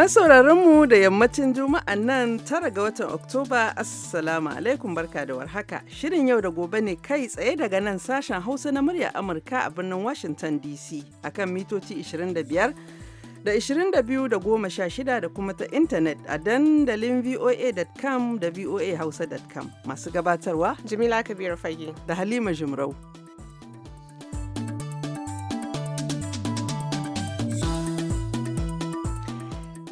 sauraron mu da yammacin Juma'a nan tara ga watan Oktoba, Assalamu alaikum barka da warhaka. Shirin yau da gobe ne kai tsaye daga nan sashen Hausa na murya Amurka a birnin Washington DC akan mitoci 25 da 22 da 16 da kuma ta intanet a dandalin voa.com da voahausa.com. Masu gabatarwa Jamila Kabiru Fage da Halima jimrau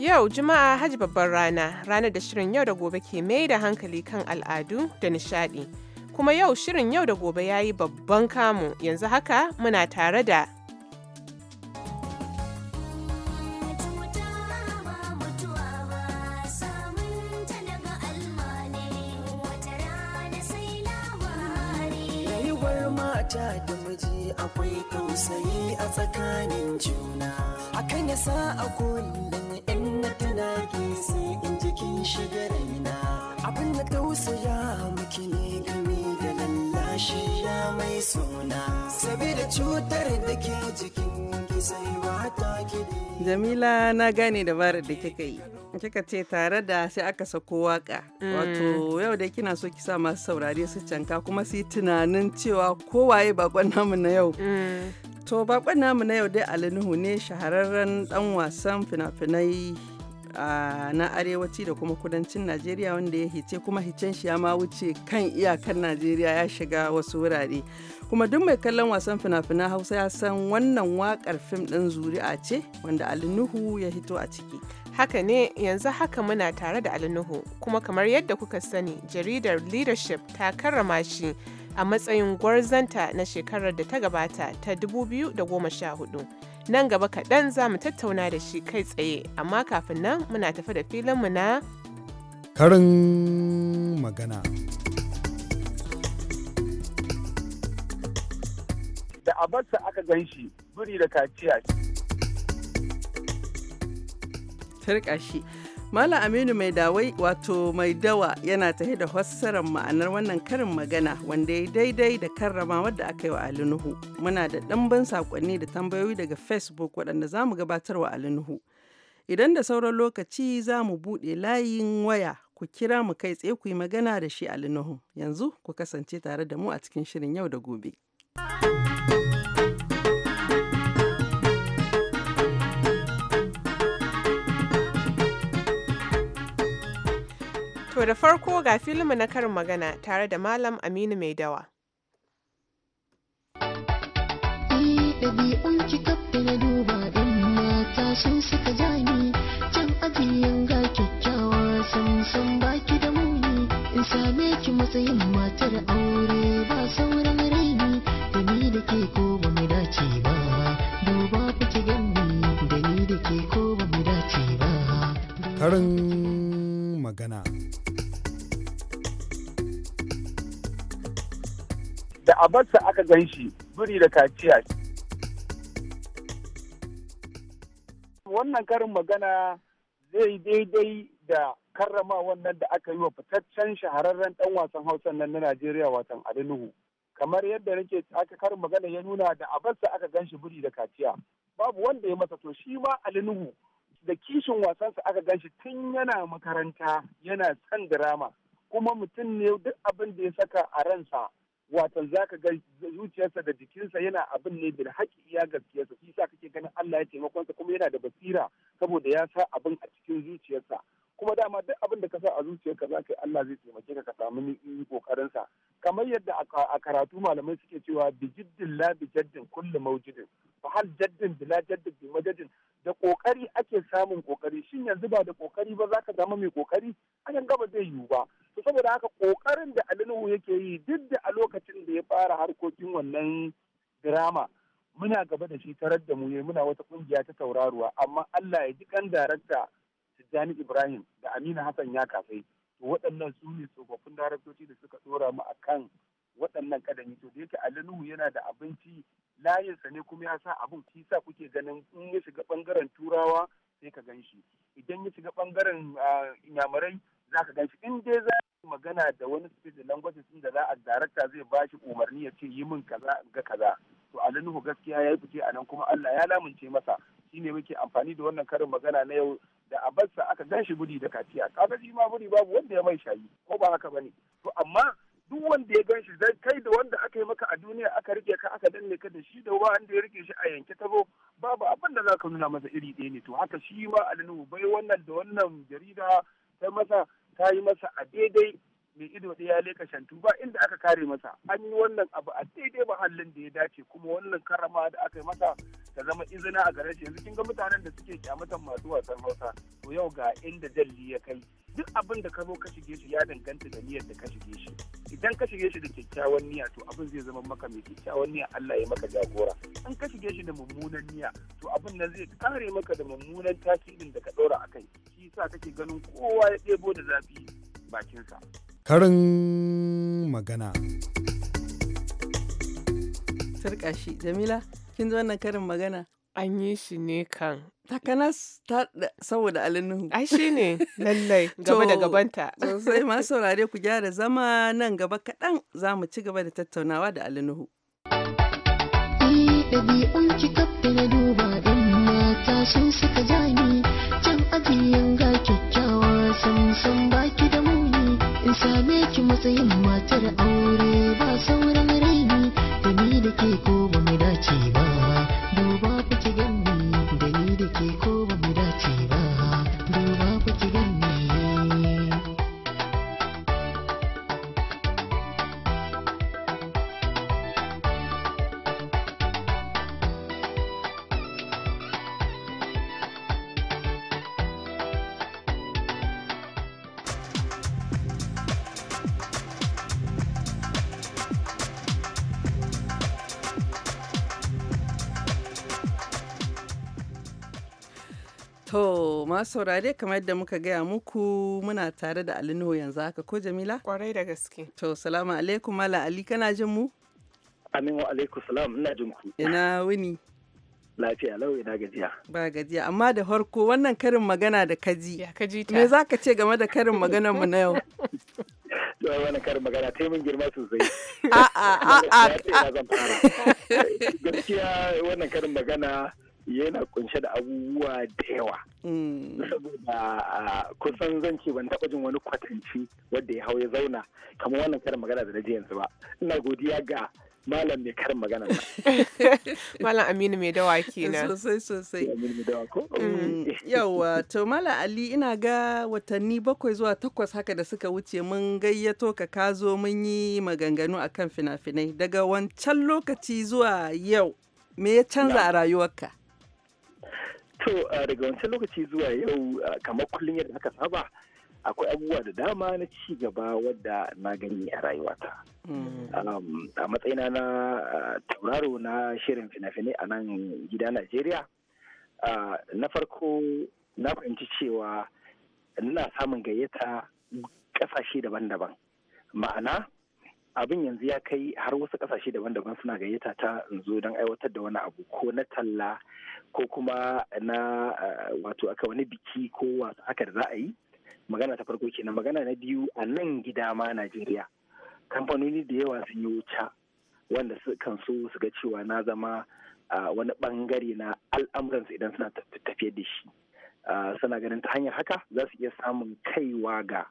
Yau Juma'a Hajji babbar rana, ranar da shirin yau da gobe ke mai da hankali kan al'adu da nishadi. Kuma yau shirin yau da gobe ya yi babban kamu, yanzu haka muna tare da mata da miji akwai tausayi a tsakanin juna akan ya sa a kullum ke sai in da cutar da Jamila na gane dabarar da kika yi kika ce tare da sai aka sako waka mm. wato yau da kina so ki sa masu saurare su canka kuma su yi tunanin cewa kowaye bakon namu na yau mm. to bakon namu na yau dai alinuhu ne shahararren dan wasan fina-finai na arewaci da kuma kudancin najeriya wanda ya hice kuma hicen shi ya ma wuce kan iyakar najeriya ya shiga wasu wurare kuma duk mai kallon wasan fina-finan hausa ya san wannan wakar fim ɗin zuri'a ce wanda alinuhu ya hito a ciki haka ne yanzu haka muna tare da alinuhu kuma kamar yadda kuka sani jaridar leadership ta karrama shi a matsayin gwarzanta na shekarar da ta gabata ta 2014 nan gaba kaɗan za mu tattauna da shi kai tsaye amma kafin nan muna tafi da filinmu na karin magana da abarsa aka gan shi biri da kaciya turka shi Mala Aminu mai dawai wato mai dawa yana tahe da fassarar ma'anar wannan karin magana wanda ya daidai da karrama wadda aka yi wa alinuhu Muna da ɗanban saƙonni da tambayoyi daga Facebook waɗanda za mu gabatar wa alinuhu Idan da sauran lokaci za mu buɗe layin waya ku kira mu kai tsaye ku yi magana da shi alinuhu Yanzu ku kasance tare da mu a cikin shirin yau da gobe. To da farko ga filinmu na karin magana tare da Malam Aminu Mai Dawa. ɗabi'un cikaf da na duba ɗan mata sun suka jani can ajiyan ga kyakkyawa sansan baki da muni in same ki matsayin matar aure ba sauran raini da ni da ke ko ba mu dace ba duba kuke gani da ni da ke ko ba mu dace ba magana. Da abarsa aka gan shi biri da kaciya. Wannan karin magana zai daidai da karrama wannan da aka yi wa fitaccen shahararren ɗan wasan hausa nan na Najeriya watan Nuhu. Kamar yadda nake aka karin magana ya nuna da abarsa aka gan shi biri da kaciya. Babu wanda ya masa to shi ma Nuhu da kishin wasansa aka ganshi tun yana makaranta yana son drama kuma mutum ne duk abin da ya saka a ransa watan za ka ga zuciyarsa da jikinsa yana abin ne da haƙi iya gaskiyarsa shi sa kake ganin Allah ya taimakonsa kuma yana da basira saboda ya sa abin a cikin zuciyarsa kuma dama duk abin da ka sa a zuciyarka za ka yi Allah zai taimake ka ka samu kokarinsa kamar yadda a karatu malamai suke cewa bijiddin la jaddin kullu maujidin fa hal jaddin bila jaddin bi majaddin da kokari samun kokari shin yanzu ba da kokari ba zaka zama mai kokari a'yan gaba zai yiwu ba to saboda haka kokarin da alinuhu yake yi duk da a lokacin da ya fara harkokin wannan drama muna gaba da shi tarar da mu ne muna wata kungiya ta tauraruwa amma Allah ya ji kan darakta Tijjani Ibrahim da Amina Hassan ya kafai to waɗannan su ne tsofaffin daraktoci da suka dora mu akan waɗannan kadami to da yake alinuhu yana da abinci layinsa ne kuma ya sa abin shi kuke ganin in ya shiga bangaren turawa sai ka gan shi idan ya shiga bangaren inyamurai za ka gan shi in dai za magana da wani speech languages din da za a darakta zai ba shi umarni ya ce yi min kaza ga kaza to nuhu gaskiya ya yi fice a nan kuma Allah ya lamunce masa shine muke amfani da wannan karin magana na yau da abarsa aka gan shi gudi da kaciya kaga shi ma gudi babu wanda ya mai shayi ko ba haka bane to amma duk wanda ya gan shi zai kai da wanda aka yi maka a duniya aka rike ka aka danne ka da shi da wanda ya rike shi a yanke ta zo. babu abin da za ka nuna masa iri ɗaya ne to haka shi ma alinu bai wannan da wannan jarida ta masa ta yi masa a daidai mai ido ɗaya leka shantu ba inda aka kare masa an yi wannan abu a daidai mahallin da ya dace kuma wannan karama da aka yi masa ta zama izina a gare shi yanzu kin ga mutanen da suke kyamatan masu wasan hausa to yau ga inda dalli ya kai duk abin da ka zo ka shige shi ya danganta da niyyar da ka shige shi. idan ka shige shi da kyakkyawan niyya to abin zai zama maka mai kyakkyawan niyya Allah ya maka jagora in ka shige shi da mummunan niyya to abin nan zai kare maka da mummunan tasirin da ka ɗora akai, shi yasa kake ganin kowa ya ɗebo da zafi bakinsa. Karin magana. Turka shi, Jamila, kin ji wannan karin magana? An yi shi ne kan Takanas ta saboda alinuhu. Ai shi ne lallai gaba da gabanta. Sosai masu saurare ku gyara zama nan gaba kaɗan za mu ci gaba da tattaunawa da alinuhu. ɗabi'un ki kafin na duba ɗan mata sun suka jani can ajiyan ga kyakkyawa sansan baki da muni in same ki matsayin matar aure ba sauran raini da ni da ke ko ba mu dace ba masu saurare kamar yadda muka gaya muku muna tare da Ali Nuhu yanzu haka ko Jamila? Kwarai da gaske. To salamu alaikum Mala Ali kana jin mu? Amin wa alaikum salam ina jin ku. Ina wuni. Lafiya lau ina gajiya. Ba gajiya amma da harko wannan karin magana da kaji. me za ka ce game da karin maganar mu na yau? Wannan karin magana ta yi min girma sosai. A'a a'a. Gaskiya wannan karin magana yana kunshe da abubuwa da yawa. Mm. Saboda ah, kusan zan ce ban taɓa jin wani kwatanci wadda ya hau ya zauna kamar wannan karin magana da na ji yanzu ba. Ina godiya ga malam mai karin magana malam aminu mai dawa kenan sosai sosai Aminu mai dawa mm. yawa to malam ali ina ga watanni bakwai zuwa takwas haka da suka wuce mun gayyato ka ka zo mun yi maganganu akan fina-finai daga wancan lokaci zuwa yau me ya canza a rayuwarka To daga wancan lokaci zuwa yau kamar kullum yadda aka saba akwai abubuwa da dama na ci gaba wadda na gani a rayuwata. Mm. A matsayina na tauraro na shirin fina-finai a nan gida Najeriya, na farko na fahimci cewa na samun gayyata ƙasashe daban-daban. Ma'ana abin yanzu ya kai har wasu kasashe daban-daban suna gayyata ta zo don aiwatar da wani abu ko na talla ko kuma na eh, wato aka wani biki ko wasu aka da za a yi magana ta farko kenan magana na biyu a nan gida ma najeriya kamfanoni da yawa sun yi wuce wanda su kan so su ga cewa na zama wani bangare na al'amuransu idan suna tafiye da shi suna ganin ta hanyar haka za su iya samun kaiwa ga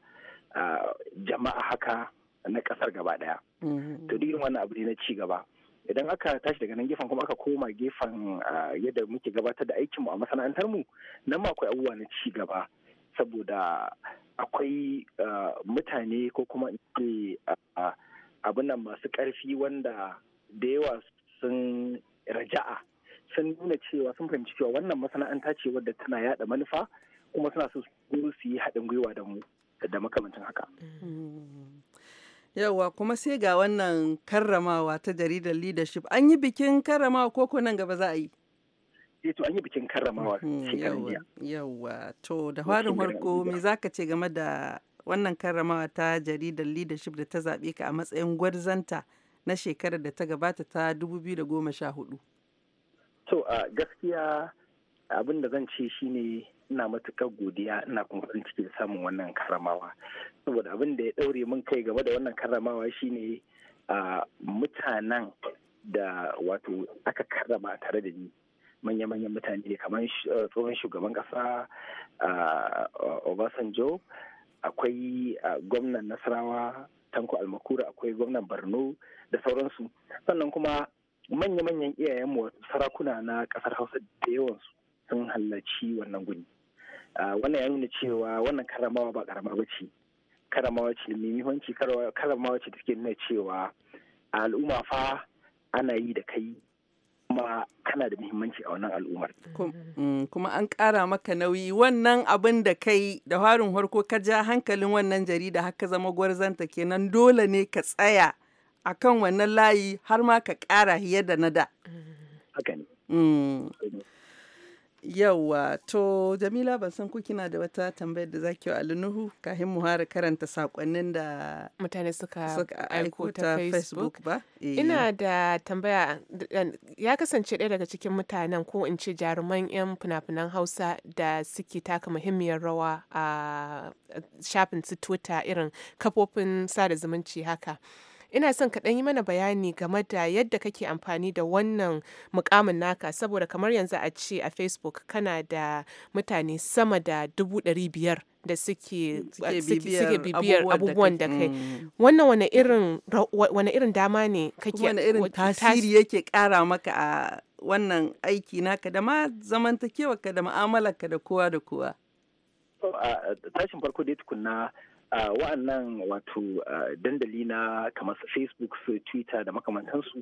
jama'a haka na kasar gaba daya mm-hmm. to duk wannan abu ne na ci gaba idan aka tashi daga nan gefen kuma aka koma gefen yadda muke gabatar da mu a masana'antar mu nan ma akwai abubuwa na ci gaba saboda akwai mutane ko kuma abin nan masu karfi wanda da yawa sun raja'a sun nuna cewa sun fahimci cewa wannan masana'anta ce wadda tana yada manufa kuma suna so su yi haɗin gwiwa da mu da makamancin haka. Mm-hmm. Yawwa kuma sai ga wannan karramawa ta jaridar leadership an yi bikin karramawa ko nan gaba za a yi. Eh to an yi bikin karramawa mm-hmm, shekaran Yawwa to da farin harko me zaka ce game da wannan karramawa ta jaridar leadership da ta zaɓe ka a matsayin gwarzanta na shekarar da ta gabata ta 2014. To a gaskiya abin da zan ce shine ina matuƙar godiya ina kuma farin ciki da samun wannan karamawa saboda abin da ya ɗaure mun kai game da wannan karamawa shine a mutanen da wato aka karrama tare da ni manya-manyan mutane kamar eh, tsohon shugaban ƙasa obasanjo akwai gwamnan nasarawa tanko almakura akwai gwamnan borno da sauransu sannan kuma manya-manyan iyayenmu sarakuna na kasar hausa da yawansu sun halarci wannan guni Ah, wannan ya nuna cewa wannan karamawa ba karama ba ce karamawa ce mai karamawa ce take nuna cewa al'umma fa ana yi da kai kuma kana da muhimmanci a wannan al'ummar. Mm, kuma an ƙara maka nauyi wannan abin da kai da harin harko ka ja hankalin wannan jarida haka zama gwarzanta kenan dole ne ka tsaya a kan wannan layi har ma ka ƙara hiye da na da. Mm. Yauwa, to Jamila ban san ku kina da wata tambayar da zaki wa Nuhu kafin mu hara karanta sakonnin da mutane suka aiko ta Facebook ba. Eh. Ina da tambaya ya kasance ɗaya daga cikin mutanen ko in ce jaruman 'yan fina-finan Hausa da suke taka muhimmiyar rawa a shafin su Twitter irin kafofin sada zumunci haka. ina son ka yi mana bayani game da yadda kake amfani da wannan mukamin naka saboda kamar yanzu a ce a facebook kana da mutane sama da dubu ɗari biyar da suke bibiyar abubuwan da kai mm. wannan wani irin dama ne kake wani irin tasiri yake kara maka a wannan aiki naka da ma zamantakewa ka da ka da kowa da kowa tashin farko dai tukunna Ah, wa'annan wato ah, dandali na kamar facebook su twitter da makamantansu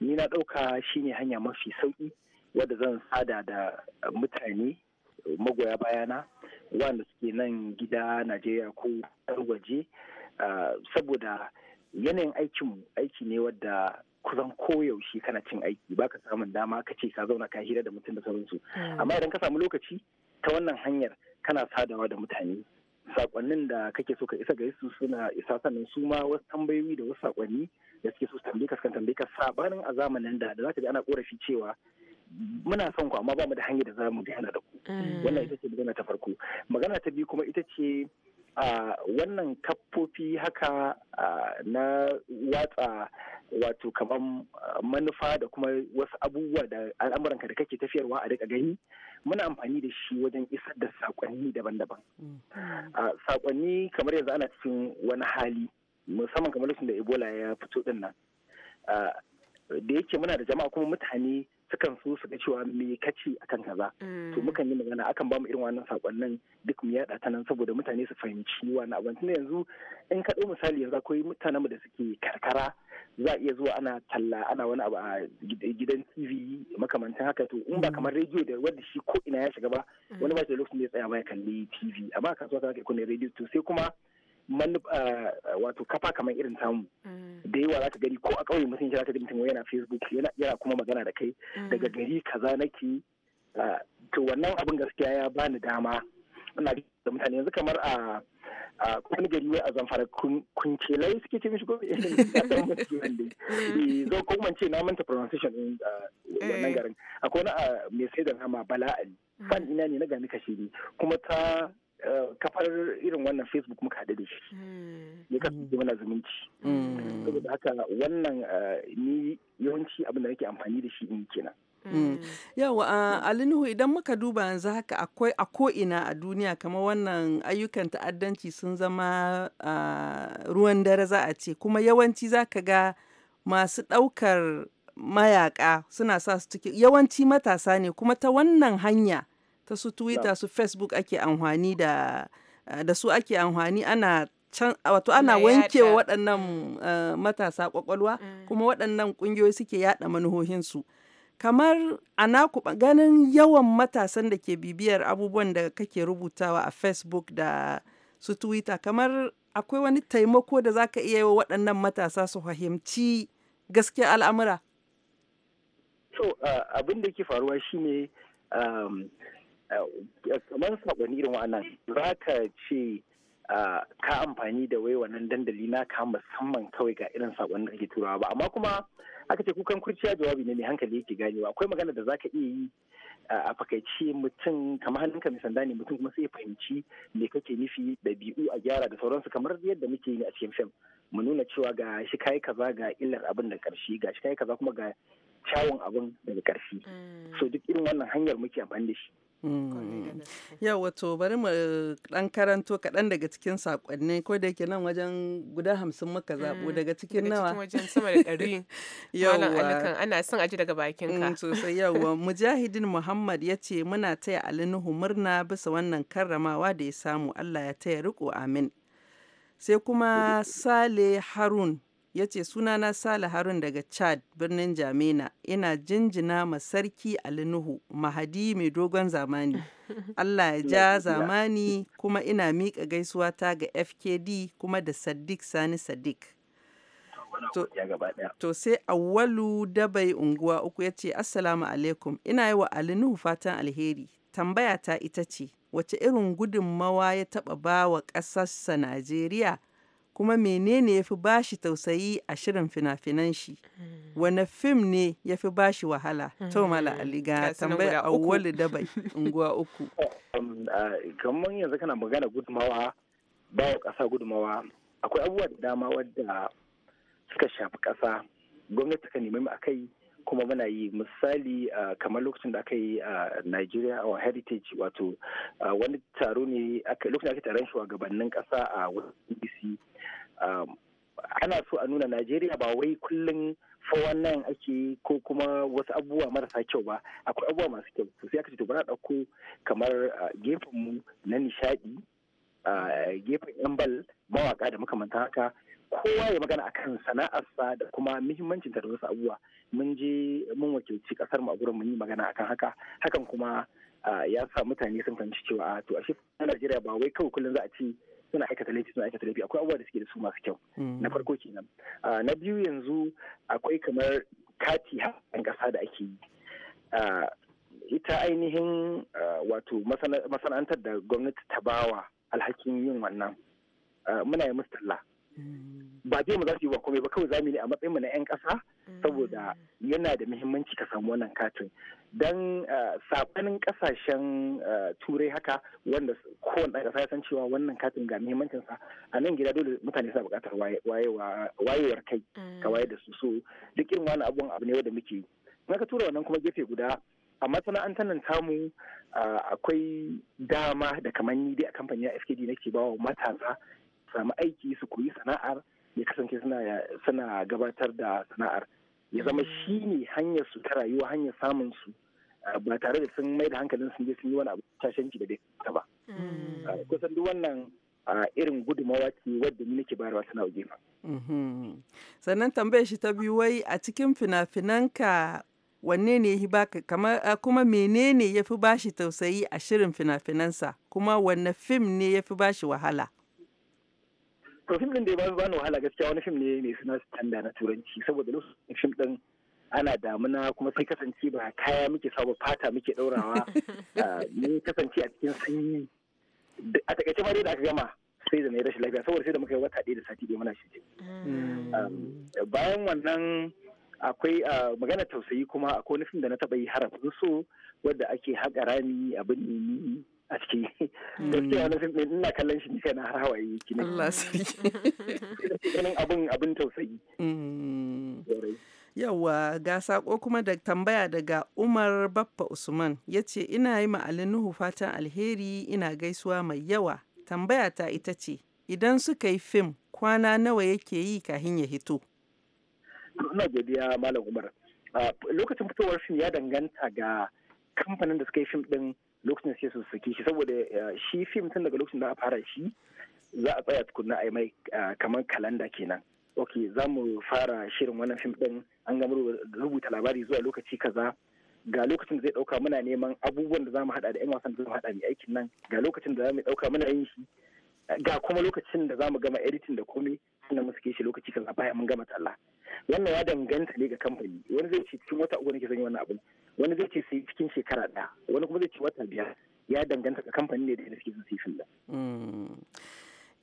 ni na ɗauka shine hanya mafi sauƙi wadda zan sada da mutane magoya bayana wanda suke nan gida najeriya ko waje ah, saboda yanayin aikinmu aiki ne wadda kusan koyaushe kana cin aiki baka samun dama ka ce ka zauna ka hira da mutum da sauransu hmm. amma idan ka samu lokaci ta wannan hanyar kana sadawa da mutane sakonnin da kake so ka isa ga su suna isa sannan su ma wasu tambayoyi da wasu sakonni da suke so su tambaye ka sukan tambaye ka sabanin a zamanin da da zaka ji ana korafi cewa muna son ku amma ba mu da hanyar da za mu daina da ku ah. wannan ita ce magana ta farko magana ta biyu kuma ita ce a wannan kafofi haka na watsa wato kamar manufa da kuma wasu abubuwa da al'amuranka da kake tafiyarwa a rika gani muna amfani da shi wajen isar da sakonni daban-daban mm. sakonni kamar yanzu ana cikin wani hali musamman kamar lokacin da ebola ya fito din nan da yake muna da jama'a kuma mutane sukan so su ga cewa me kace akan kaza mm. to mukan yi magana akan bamu irin wannan sakonnin duk mu yaɗa ta nan saboda mutane su fahimci wani abin tunda yanzu in ka misali yanzu akwai mutanen mu da suke karkara za a iya zuwa ana talla ana wani abu a gidan tv makamantan haka to in ba mm. kamar rediyo da wadda shi ko ina ya shiga ba mm. wani ba shi da lokacin da ya tsaya ba ya kalli tv amma kasuwa ka kai kunne rediyo to sai kuma Ah, ah, wato kafa kamar irin tamu mm. da yawa za ka gani ko a ƙauye mutum za ka gani mutum yana facebook yana kuma magana da kai mm. daga gari kaza nake ah, to wannan abin gaskiya ya bani dama ina da mutane yanzu kamar a a wani gari a zamfara kuncelai suke ce mishi ko mm. eh, zo ko mance na manta pronunciation din wannan eh. garin akwai wani mai sai da nama bala ali fan ina ne na gani kashe ne kuma ta kafar irin wannan facebook muka haɗu da shi ya kasance mana zumunci hmm. saboda haka wannan eh, ni yawanci abin da nake amfani da shi in kenan hmm. Yawa idan muka duba yanzu haka akwai a ko'ina a duniya kamar wannan ayyukan ta'addanci sun zama ruwan dare za a ce kuma yawanci za ka ga masu ɗaukar mayaka suna sa su cikin yawanci matasa ne kuma ta wannan hanya ta su twitter su facebook ake amfani da eh, da su ake amfani ana can wato ana wanke wa waɗannan eh, matasa ƙwaƙwalwa mm. kuma waɗannan ƙungiyoyi suke yaɗa manuhohinsu kamar ana ganin yawan matasan da ke bibiyar abubuwan da kake rubutawa a facebook da su twitter kamar akwai wani taimako da za ka iya yi wa waɗannan matasa su fahimci gaskiya al'amura to so, eh, abin da ke faruwa shine um, kamar sakonni irin wannan za ka ce ka amfani da wai wannan dandali na ka musamman kawai ga irin sakonni da ke turawa ba amma kuma aka ce kukan kurciya jawabi ne mai hankali yake ganewa akwai magana da za ka iya yi a fakaice mutum kamar hannun mai sanda ne mutum kuma sai ya fahimci me kake nufi da bi'u a gyara da sauransu kamar yadda muke yi a cikin fim mu nuna cewa ga shi kai kaza ga illar abin da ƙarshe ga shi kai kaza kuma ga kyawun abin daga ƙarshe mm. so duk irin wannan hanyar muke amfani da shi Mm. Yau to bari mu dan eh, karanto kaɗan daga cikin sakonni ko da yake nan wajen guda hamsin muka zaɓo mm. daga cikin nawa. wajen sama da ɗari. Yawwa. ana son aji daga bakin ka. Mm, sosai yawwa. Mujahidin Muhammad ya ce muna taya Ali Nuhu murna bisa wannan karramawa da ya samu Allah ya taya riko amin. Sai kuma Sale Harun ya ce sunana Sale Harun daga Chad birnin Jamena ina jinjina ma sarki Ali Nuhu Mahadi mai dogon zamani. Allah ya ja zamani kuma ina miƙa gaisuwa ta ga FKD kuma da Sadiq Sani Sadiq. To, sai awwalu dabai unguwa uku ya ce Assalamu alaikum ina yi wa Ali Nuhu fatan alheri tambaya ta ita ce wace irin gudunmawa ya taɓa ba wa ƙasarsa Najeriya kuma menene ya fi bashi tausayi a shirin fina-finan shi mm. wane fim ne ya fi bashi wahala to mala tambayar awwalu dabai unguwa uku um, uh, kamar yanzu kana magana gudumawa bawa kasa gudumawa akwai abubuwa da dama wadda suka shafi kasa gwamnati ka nemi a kai kuma muna yi misali kamar lokacin da aka yi a Nigeria our heritage wato wani taro ne lokacin da aka taron shugabannin kasa a Washington DC ana so a nuna Najeriya ba wai kullum nan ake ko kuma wasu abubuwa marasa kyau ba akwai abubuwa masu kyau to sai aka ce to bari kamar gefen mu na nishaɗi gefen yan bal mawaka da makamantan haka kowa ya magana a kan sana'arsa da kuma muhimmancin da wasu abubuwa mun je mun wakilci kasar mu a gurin mun yi magana akan haka hakan kuma ya sa mutane sun fahimci cewa a to ashe na Najeriya ba wai kawai kullum za a ci suna aikata laifi suna aikata laifi akwai abubuwa da suke da su masu kyau mm. na farko kenan na biyu yanzu akwai kamar kati haɗin ƙasa da ake yi ita ainihin wato masana'antar da gwamnati ta bawa alhakin yin wannan muna yi musu talla ba biyan mu za su yi wa komai ba kawai zamu ne a matsayin mu na yan ƙasa mm. saboda yana da muhimmanci ka samu wannan katin dan eh, sabanin kasashen eh, turai haka wanda kowane ɗan ƙasa ya san cewa wannan katin ga muhimmancin sa a nan gida dole mutane suna buƙatar wayewar kai mm. ka wayar da su so duk irin wani abubuwan abu ne wanda muke yi in ka tura wannan kuma gefe guda a masana'antar nan tamu eh, akwai dama da kamar ni dai a kamfanin FKD nake bawa matasa samu aiki su koyi sana'ar ya kasance suna gabatar da sana'ar ya zama mm. shi ne hanyar su ta rayuwa hanyar samun su ah, ba tare da sun mai da hankalin sun je sun yi wani abu tashanci da bai ta ba mm. ah, kusan duk wannan ah, irin gudumawa ke wadda ni nake bayarwa suna waje ma. sannan tambayar shi ta biyu wai a cikin fina-finanka wanne ne ya baka kamar kuma menene ya fi bashi tausayi a shirin fina-finansa kuma wanne fim ne ya fi bashi wahala to fim din da ya bani wahala gaskiya wani fim ne mai suna standa na turanci saboda lokacin fim din ana damuna kuma sai kasance ba kaya muke saba fata muke daurawa ah, ne kasance a cikin sanyi a takaice ma dai da aka gama sai da na yi rashin lafiya saboda sai da muka yi wata ɗaya da sati ɗaya muna shirye mm. ah, bayan wannan akwai ah, magana tausayi kuma akwai wani fim da na taɓa yi harafin so wadda ake haƙa rami abin ni. a ciki mm. wani fim ɗin ina kallon shi nika na har hawaye ki ne Allah sarki abin tausayi mm. Yawwa ga sako kuma da tambaya daga Umar Baffa Usman ya ce ina yi ma Nuhu fatan alheri ina gaisuwa mai yawa tambaya ta ita ce idan suka yi fim kwana nawa yake yi kahin ya hito. Ina godiya Malam Umar. Lokacin fitowar fim ya danganta ga kamfanin da suka yi fim din. lokacin sai su saki shi saboda eh, shi fim tun daga lokacin da a fara shi za a tsaya tukunna a yi mai eh, kamar kalanda kenan ok za mu fara shirin wannan fim din an gama rubuta labari zuwa lokaci kaza ga lokacin da zai dauka muna neman abubuwan da za mu hada da yan wasan da za mu hada mai aikin nan ga lokacin da za mu dauka muna yin shi ga kuma lokacin da za mu gama editing da komai suna mu suke shi lokaci kaza bayan mun gama talla wannan ya danganta ne ga kamfani wani zai ce cikin wata uku nake ke yi wannan abin wani zai ce sai cikin shekara ɗaya wani kuma zai ce wata biyar ya danganta ga kamfanin ne da ya suke sai filla. Mm.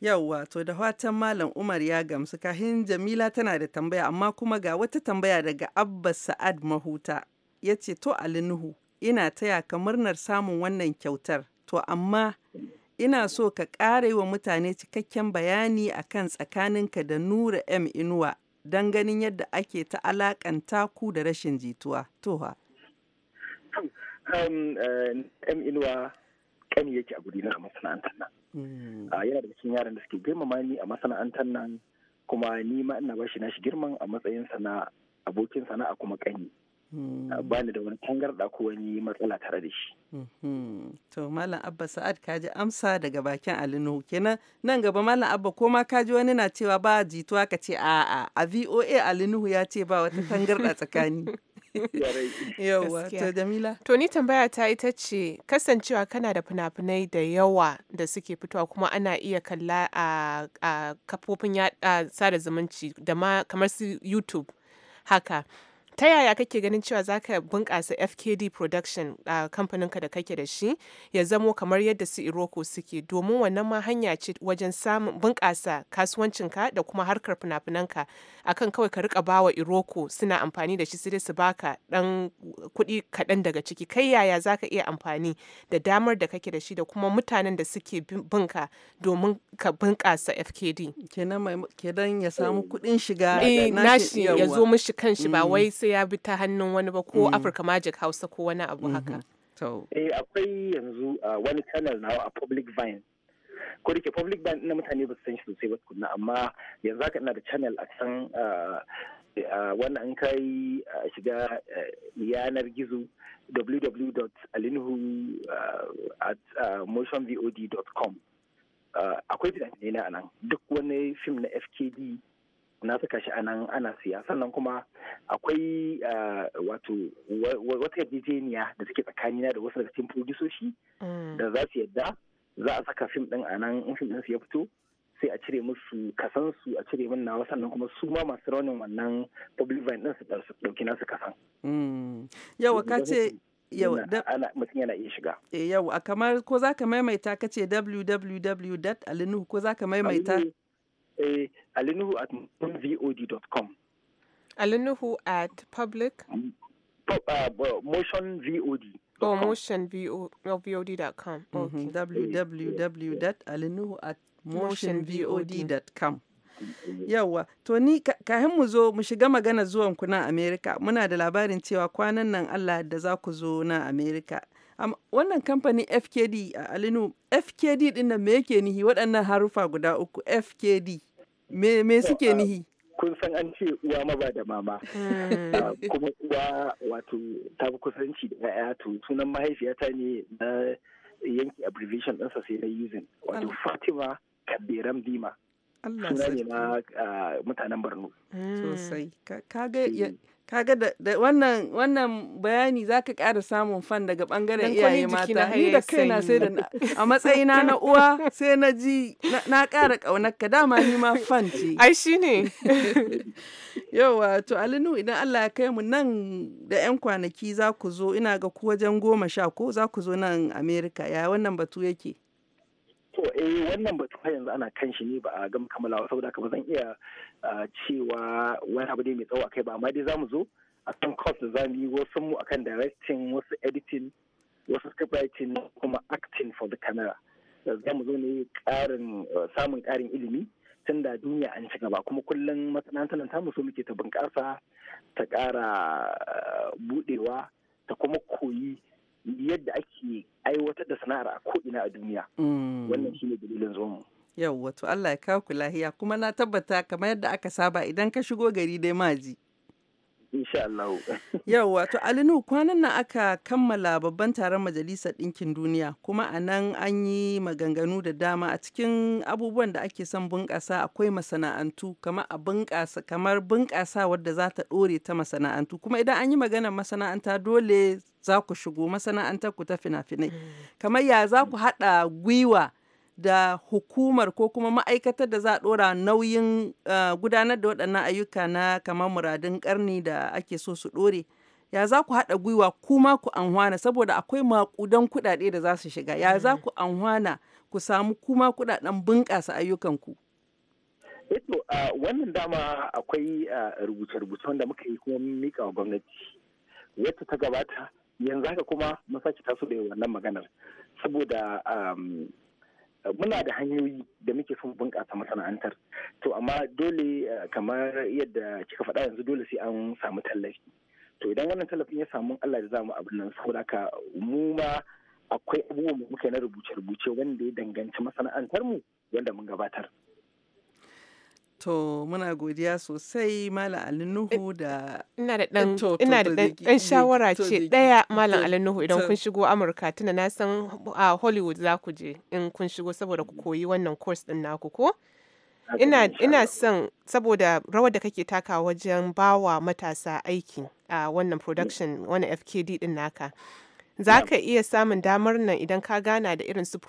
Yawwa, to da fatan Malam Umar ya gamsu kahin Jamila tana da tambaya amma kuma ga wata tambaya daga Abba Sa'ad Mahuta ya ce to Ali Nuhu ina taya ka murnar samun wannan kyautar to amma ina so ka ƙara wa mutane cikakken bayani akan tsakaninka da Nura M Inuwa don ganin yadda ake ta alakanta ku da rashin jituwa. Toha. to ɗan um, eh, inuwa yake a gudina a masana'antar nan mm. ah, yana da cikin yaran da suke girmama ni a masana'antar nan kuma ni ma ina bashi nashi girman a matsayin na abokin sana'a kuma kani ba ni da wani tangarɗa ko wani matsala tare da shi. Mm-hmm. To Malam Abba Sa'ad ka ji amsa daga bakin Alinu kenan nan gaba Malam Abba ko ma ka ji wani na cewa ba jituwa ka ce a'a a VOA Alinu ya ce ba wata tangarɗa tsakani. yawa ta jamila toni tambaya ta ita ce kasancewa kana da fina-finai da yawa da suke fitowa kuma ana iya kalla a, a kafofin sada zumunci da ma kamar su youtube haka ta yaya kake ganin cewa za ka bunƙasa fkd production a kamfaninka da kake da shi ya zamo kamar yadda su iroko suke domin wannan ma hanya ce wajen samun bunƙasa kasuwancinka da kuma harkar fina-finanka akan kawai ka rika bawa iroko suna amfani da shi sai su baka dan kuɗi kaɗan daga ciki kai yaya zaka iya amfani da damar da kake da shi da kuma mutanen da suke binka domin ka bunƙasa fkd kenan ya samu eh, kuɗin shiga nashi eh, ya zo mishi kanshi ba mm. wai sai ya bi ta hannun wani ba ko mm. africa magic hausa ko wani abu mm-hmm. haka eh akwai yanzu ah, wani channel na a public vine ko da ke public ban na mutane ba su san shi sosai ba tukunna amma yanzu haka ina da channel a can eh, eh, wannan kai eh, shiga yanar gizo www.alinhu@motionvod.com akwai bidan ne na nan duk wani fim na fkd na saka shi anan ana siya sannan kuma akwai wato wata yarjejeniya da suke tsakanina da wasu daga cikin fudisoshi mm. da za su yadda za a saka fim din a nan in fim din su ya fito sai a cire musu kasan su a cire min nawa sannan kuma su ma masu raunin wannan public vine din su dauki nasu kasan hmm. yawa ka ce yawa mutum yana iya shiga eh, yawa kamar ko za ka maimaita ka ce www.alinuhu ko za ka maimaita eh alinuhu at vod.com alinuhu at public uh, motion vod Oh, motionvod.com. Mm-hmm. Okay. Mm -hmm. www.alinuhu@motionvod.com. Yawwa, to ni kahin mu zo mu shiga magana zuwan ku na Amerika, muna da labarin cewa kwanan nan Allah da za ku zo na america wannan kamfani FKD a Alinu, FKD din nan me yake nihi waɗannan harufa guda uku FKD. Me, me suke uh, nihi? kun san an ce uwa ba da mama hmm. ah, kuma uwa wato ta fi kusanci da 'ya'ya to sunan mahaifiyata ne na yanki abbreviation ɗinsa sai na using wato fatima kaberam dima suna ne na ah, mutanen borno hmm. sosai kaga da wannan wannan bayani zaka ƙara samun fan daga bangaren iyaye mata ni da kaina sai da a matsayina na uwa sai na ji na ƙara kaunar ka dama ni ma fan ce ai shine yawa to alinu idan Allah ya kai mu nan da yan kwanaki za ku zo ina ga ku wajen goma sha ko za ku zo nan America ya wannan batu yake to eh wannan batu yanzu ana kan shi ne ba a gama kammalawa saboda ka ba zan iya cewa wani abu dai mai tsawo akai ba amma dai zamu zo akan cost da zamu yi wasu mu akan directing wasu editing wasu scriptwriting kuma acting for the camera zamu zo ne karin samun karin ilimi tun da duniya an ci gaba kuma kullum masana'antar ta so muke ta bunƙasa ta ƙara eh, budewa ta kuma koyi yadda ake aiwatar da sana'ar a ko'ina a duniya mm. wannan shi ne dalilin mu. Yawwa to Allah ya kawo ku lahiya kuma na tabbata kamar yadda aka saba idan ka shigo gari dai maji. Insha Allah. Yawwa to Alinu kwanan nan aka kammala babban taron Majalisar Ɗinkin Duniya kuma a nan an yi maganganu da dama a cikin abubuwan da ake son bunƙasa akwai masana'antu kamar bunƙasa kamar bunƙasa wadda za ta ɗore ta masana'antu kuma idan an yi maganar masana'anta dole za ku shigo masana'antar ku ta fina-finai hmm. kamar ya za ku haɗa gwiwa da hukumar ko kuma ma'aikatar da za a ɗora nauyin uh, gudanar da waɗannan ayyuka na kamar muradun ƙarni da ake so su ɗore ya za ku haɗa gwiwa kuma ku anhwana saboda akwai maƙudan kuɗaɗe da za su shiga ya za mm. ku anhwana ku samu kuma kuɗaɗen bunƙasa ayyukanku Eto, eh uh, wannan dama akwai uh, rubuce-rubuce wanda muka yi kuma mika wa gwamnati Wata ta gabata yanzu haka kuma masaki ta taso da wannan maganar saboda um, muna da hanyoyi da muke son bunƙasa masana'antar to amma dole eh, kamar yadda kika faɗa yanzu dole sai an samu tallafi to idan wannan tallafin ya samu Allah da zamu abin nan saboda ka mu ma akwai abubuwan mu muka na rubuce-rubuce wanda ya danganci masana'antar mu wanda mun gabatar To muna godiya sosai Malam Ali eh, da ina da dan shawara ce daya Malam Ali Nuhu idan kun shigo Amurka tuna na san a Hollywood za ku je in kun shigo saboda ku koyi wannan course din naku ko ina ina son saboda rawar da kake taka wajen bawa matasa aiki a wannan mm. production wannan FKD din naka za ka iya samun damar nan idan ka gana da irin su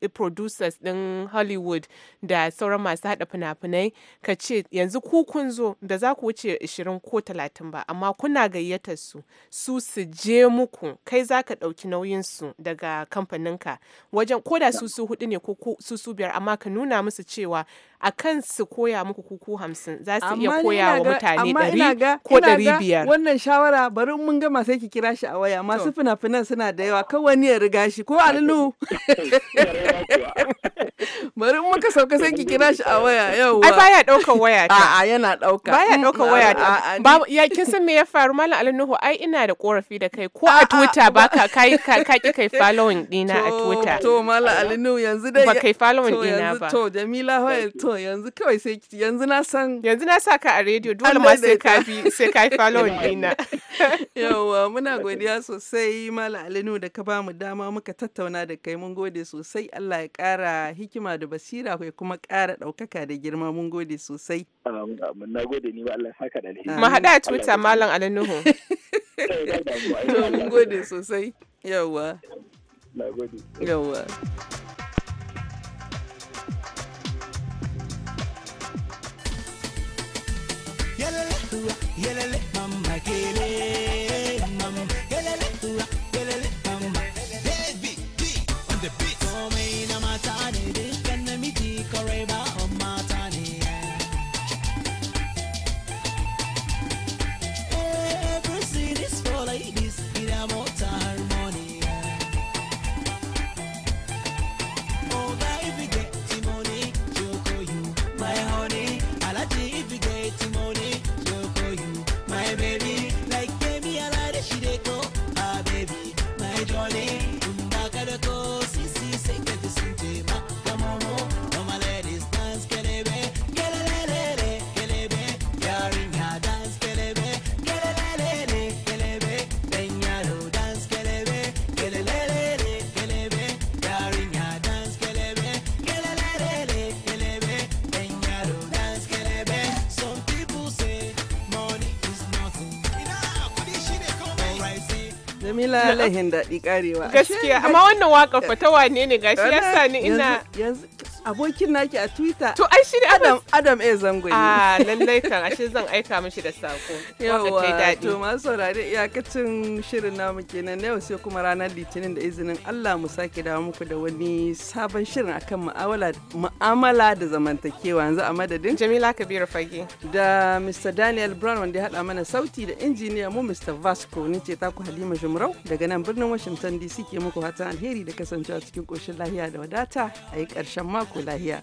eh, producers din hollywood da sauran masu hada fina-finai ka ce yanzu ku kun zo da za ku wuce 20 ko 30 ba amma kuna gayyatar su su su je muku kai za ka ɗauki nauyinsu daga kamfaninka wajen koda da su su hudu ne ko su su biyar amma ka nuna musu cewa a kan su koya muku kuku hamsin za su iya koya wa mutane ɗari ko ɗari biyar. Wannan shawara bari mun gama sai ki kira shi a waya masu fina-finan suna da yawa kawai ya riga shi ko allo? bari in muka sauka sai ki kira shi a waya yau ai baya daukar waya ta mm, a yana dauka baya daukar waya ta ba ya kin san me ya faru mallam alnuhu ai ina da korafi da kai ko a twitter ba ka kai ka ki kai following dina a twitter to mallam alnuhu yanzu dai ba kai following dina ba to jamila hoyel to yanzu kawai sai yanzu na san yanzu na saka a radio dole ma sai ka bi sai kai following dina yauwa muna godiya sosai mallam alnuhu da ka ba mu dama muka tattauna da kai mun gode sosai Allah ya kara hikima hikima da basira kai kuma ƙara ɗaukaka da girma mun gode sosai. na gode ni ba Allah saka da alheri. Mu haɗa a Twitter Malam Alanuhu. To mun gode sosai. Yawwa. Na gode. Yawwa. Yalala, yalala. wallahin daɗi karewa gaskiya amma wannan fa ta wane ne gashi ya ina abokin naki a twitter to ai shi ne adam adam a zango a ah, lallai kan ashe zan aika mishi da sako yawa to masu saurare iyakacin shirin namu kenan na yau sai kuma ranar litinin da izinin allah mu sake dawo muku da wani sabon shirin akan mu'amala da zamantakewa yanzu a madadin jamila kabiru fage da mr daniel brown wanda ya haɗa mana sauti da injiniya mu mr vasco ni ce taku halima jumrau daga nan birnin washington dc ke muku fatan alheri da kasancewa cikin koshin lahiya da wadata a yi karshen mako ku lahiya.